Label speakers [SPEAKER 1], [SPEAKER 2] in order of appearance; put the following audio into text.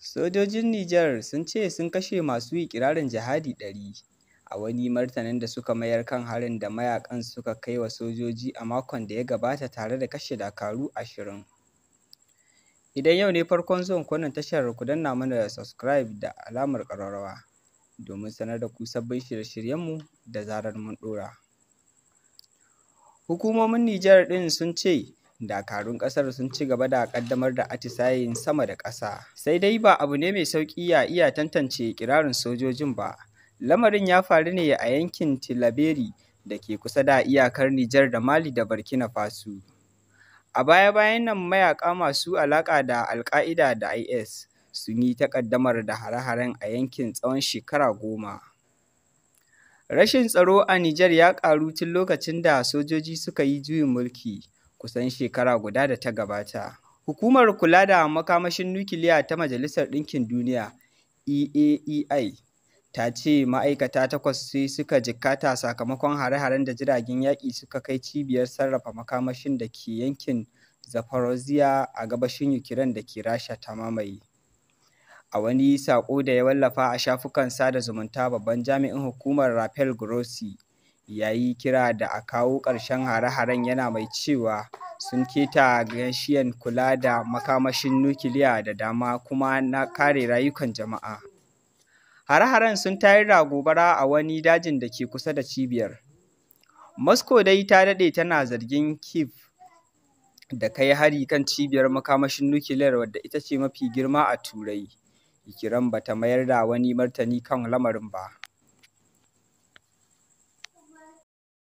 [SPEAKER 1] Sojojin Nijar sun ce sun kashe masu ikirarin jihadi ɗari a wani martanin da suka mayar kan harin da mayakan suka kai wa sojoji a makon da ya gabata tare da kashe dakaru 20. Idan yau ne farkon zuwan kwanan tashar ku danna mana da subscribe da alamar ƙararrawa domin sanar da ku sabbin shirye-shiryenmu da zarar mun ɗora. Hukumomin Nijar ɗin sun ce dakarun kasar sun ci gaba da kaddamar da atisayin sama da ƙasa sai dai ba abu ne mai sauƙi ya iya tantance kirarin sojojin ba lamarin ya faru ne a yankin tilaberi da ke kusa da iyakar nijar da mali da burkina faso a baya-bayan nan mayaka masu alaƙa da alka'ida da is sun yi takaddamar da hare-haren a yankin tsawon shekara goma rashin tsaro a nijar ya ƙaru tun lokacin da sojoji suka yi juyin mulki kusan shekara guda da ta gabata. Hukumar Kula da Makamashin Nukiliya ta Majalisar Ɗinkin Duniya EAEI ta ce ma'aikata takwas sai suka jikkata sakamakon hare-haren da jiragen yaƙi suka kai cibiyar sarrafa makamashin da ke yankin Zaporozhia a gabashin Ukraine da ke Rasha ta mamaye. A wani saƙo da ya wallafa a shafukan sada zumunta babban jami'in hukumar Rafael Grossi ya yi kira da a kawo ƙarshen hare-haren yana mai cewa sun keta gashiyan kula da makamashin nukiliya da dama kuma na kare rayukan jama'a. Hare-haren sun tayar da gobara a wani dajin da ke kusa da cibiyar. Moscow dai ta daɗe tana zargin Kiev. da kai hari kan cibiyar makamashin nukiliyar wadda ita ce mafi girma a Turai. Ikiran bata mayar da wani martani kan lamarin ba.